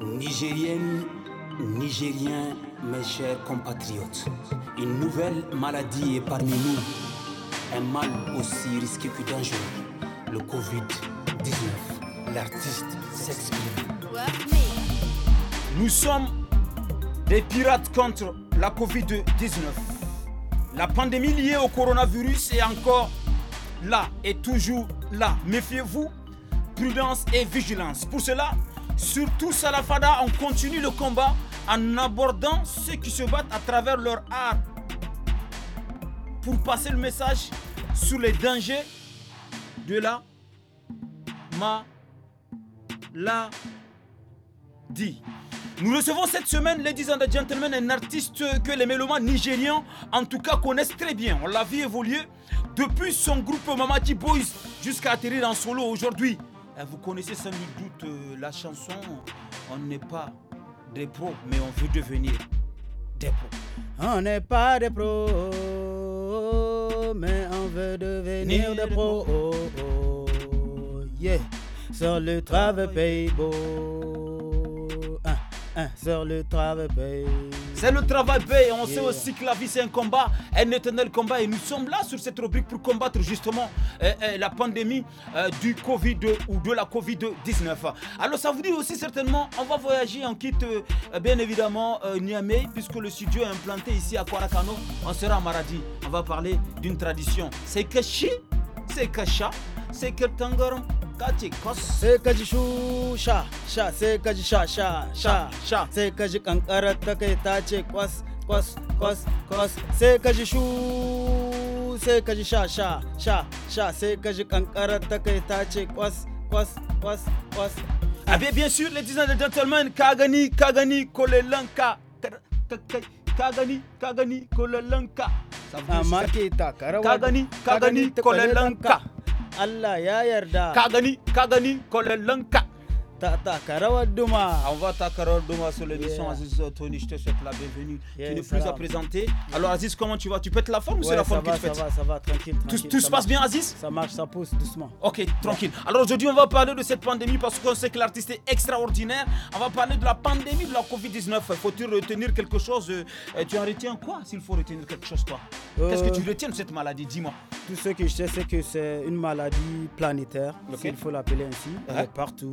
Nigériennes, Nigériens, mes chers compatriotes, une nouvelle maladie est parmi nous. Un mal aussi risqué que dangereux, le Covid-19. L'artiste s'exprime. Nous sommes des pirates contre la Covid-19. La pandémie liée au coronavirus est encore là et toujours là. Méfiez-vous, prudence et vigilance. Pour cela, Surtout Salafada, on continue le combat en abordant ceux qui se battent à travers leur art pour passer le message sur les dangers de la maladie. Nous recevons cette semaine, ladies and gentlemen, un artiste que les mélomanes nigériens, en tout cas, connaissent très bien. On l'a vu évoluer depuis son groupe Mamadi Boys jusqu'à atterrir en solo aujourd'hui. Eh, vous connaissez sans doute euh, la chanson On n'est pas des pros, mais on veut devenir des pros. On n'est pas des pros, mais on veut devenir des pros. Oh, yeah. Sur le travail beau. sur le travail c'est le travail on sait aussi que la vie c'est un combat, un éternel combat. Et nous sommes là sur cette rubrique pour combattre justement euh, euh, la pandémie euh, du Covid ou de la Covid-19. Alors ça vous dit aussi certainement, on va voyager on quitte bien évidemment Niamey puisque le studio est implanté ici à Kwarakano. On sera à Maradi. On va parler d'une tradition. C'est Kashi, c'est Kacha, c'est tangor. kaci kos sai ka ji shusha sha sai ka ji sha sha sha sha sai ka ji kankarar ta kai ta ce kwas kwas kwas kwas sai ka ji shu sai ka ji sha sha sha sha sai ka ji kankarar ta kai ta ce kwas kwas kwas kwas a bien sûr les disant de gentlemen ka gani ka gani lanka ka ka gani ka gani kolelan ka amma ke takarawa ka gani ka gani le lanka. Allah ya yarda. Ka gani, ka gani, ka Ta, ta, On va Duma sur l'émission yeah. Aziz Tony, je te souhaite la bienvenue. tu n'es plus à présenter. Alors Aziz, comment tu vas Tu pètes la forme ou c'est la forme que tu fais Ça va, ça va, tranquille. tout, se passe bien Aziz Ça marche, ça pousse doucement. Ok, tranquille. Alors aujourd'hui, on va parler de cette pandémie parce qu'on sait que l'artiste est extraordinaire. On va parler de la pandémie de la Covid-19. Faut-il retenir quelque chose euh, Tu en retiens quoi s'il faut retenir quelque chose toi Qu'est-ce que tu euh, retiens de cette maladie Dis-moi. Tout ce que je sais, c'est que c'est une maladie planétaire, il faut l'appeler ainsi. partout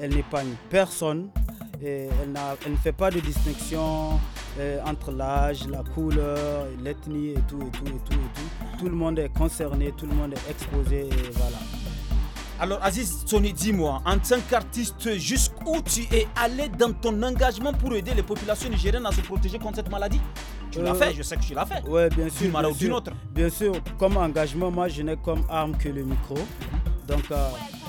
elle n'épargne personne, et elle, elle, ne fait pas de distinction euh, entre l'âge, la couleur, l'ethnie et tout, et tout, et tout, tout. le monde est concerné, tout le monde est exposé, voilà. Alors Aziz Sony, dis-moi, en tant qu'artiste, jusqu'où tu es allé dans ton engagement pour aider les populations nigériennes à se protéger contre cette maladie Tu euh, fait, je sais que tu l'as fait. Oui, bien sûr. D'une ou d'une autre. Bien sûr, comme engagement, moi je n'ai comme arme que le micro. Donc euh,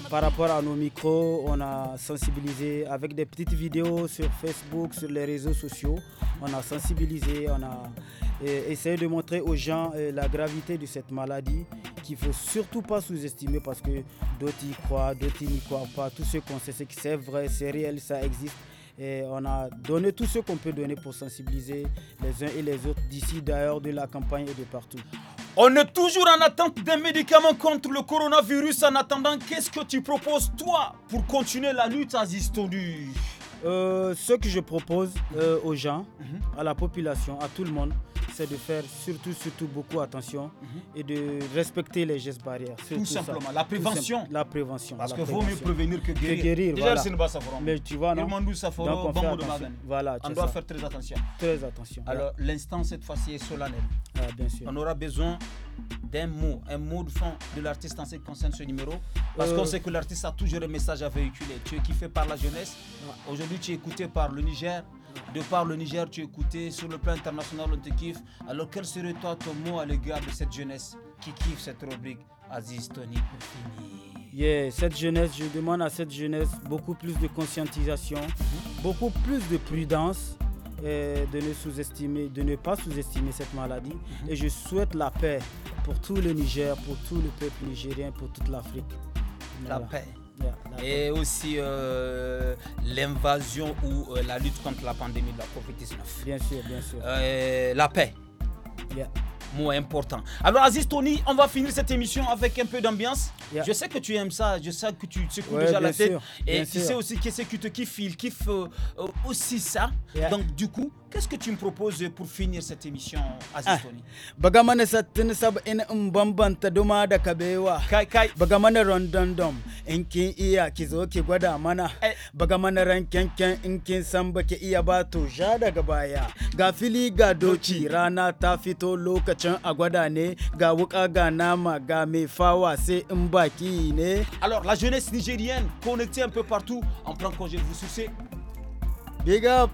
par rapport à nos micros, on a sensibilisé avec des petites vidéos sur Facebook, sur les réseaux sociaux. On a sensibilisé, on a essayé de montrer aux gens euh, la gravité de cette maladie qu'il ne faut surtout pas sous-estimer parce que d'autres y croient, d'autres n'y croient pas. Tout ce qu'on sait, c'est que c'est vrai, c'est réel, ça existe. Et on a donné tout ce qu'on peut donner pour sensibiliser les uns et les autres d'ici, d'ailleurs, de la campagne et de partout. On est toujours en attente des médicaments contre le coronavirus. En attendant, qu'est-ce que tu proposes, toi, pour continuer la lutte à Zistodu euh, Ce que je propose euh, aux gens, mhm. à la population, à tout le monde, c'est de faire surtout, surtout beaucoup attention mhm. et de respecter les gestes barrières. Tout simplement, la prévention. la prévention. Parce que vaut mieux prévenir que guérir. voilà. Mais tu vois, non Donc, on, Voilà, on doit faire très attention. Très attention. Alors, l'instant, cette fois-ci, est solennel. Ah, bien sûr. On aura besoin d'un mot, un mot de fond de l'artiste en ce qui concerne ce numéro. Parce qu'on euh, sait que l'artiste a toujours un message à véhiculer. Tu es kiffé par la jeunesse. Aujourd'hui, tu es écouté par le Niger, de par le Niger, tu es sur le plan international, on te kiffe. Alors quel serait toi ton mot à l'égard de cette jeunesse qui kiffe cette rubrique Aziz Tony pour finir Yeah, cette jeunesse, je demande à cette jeunesse beaucoup plus de conscientisation, mm-hmm. beaucoup plus de prudence, euh, de ne sous-estimer, de ne pas sous-estimer cette maladie. Mm-hmm. Et je souhaite la paix pour tout le Niger, pour tout le peuple nigérien, pour toute l'Afrique. La paix et aussi euh, l'invasion ou euh, la lutte contre la pandémie de la COVID-19. Bien sûr, bien sûr. Euh, la paix. Yeah mot important. Alors Aziz Tony, on va finir cette émission avec un peu d'ambiance. Yeah. Je sais que tu aimes ça, je sais que tu te secoues ouais, déjà la tête. Sûr, et tu sûr. sais aussi qu'est-ce que tu kiffes, il kiffe euh, aussi ça. Yeah. Donc du coup, qu'est-ce que tu me proposes pour finir cette émission, Aziz ah. Tony Bagamane satin sab in mbamban taduma da kabewa. Kai kai. Bagamane rondondom. Inkin iya kizo ki gwada mana. Eh. Bagamane rankenken inkin samba ke iya bato ja daga baya. Ga fili ga doci rana ta fito lokaci alors la jeunesse nigérienne connectée un peu partout en prend congé de vous souciez. Big up!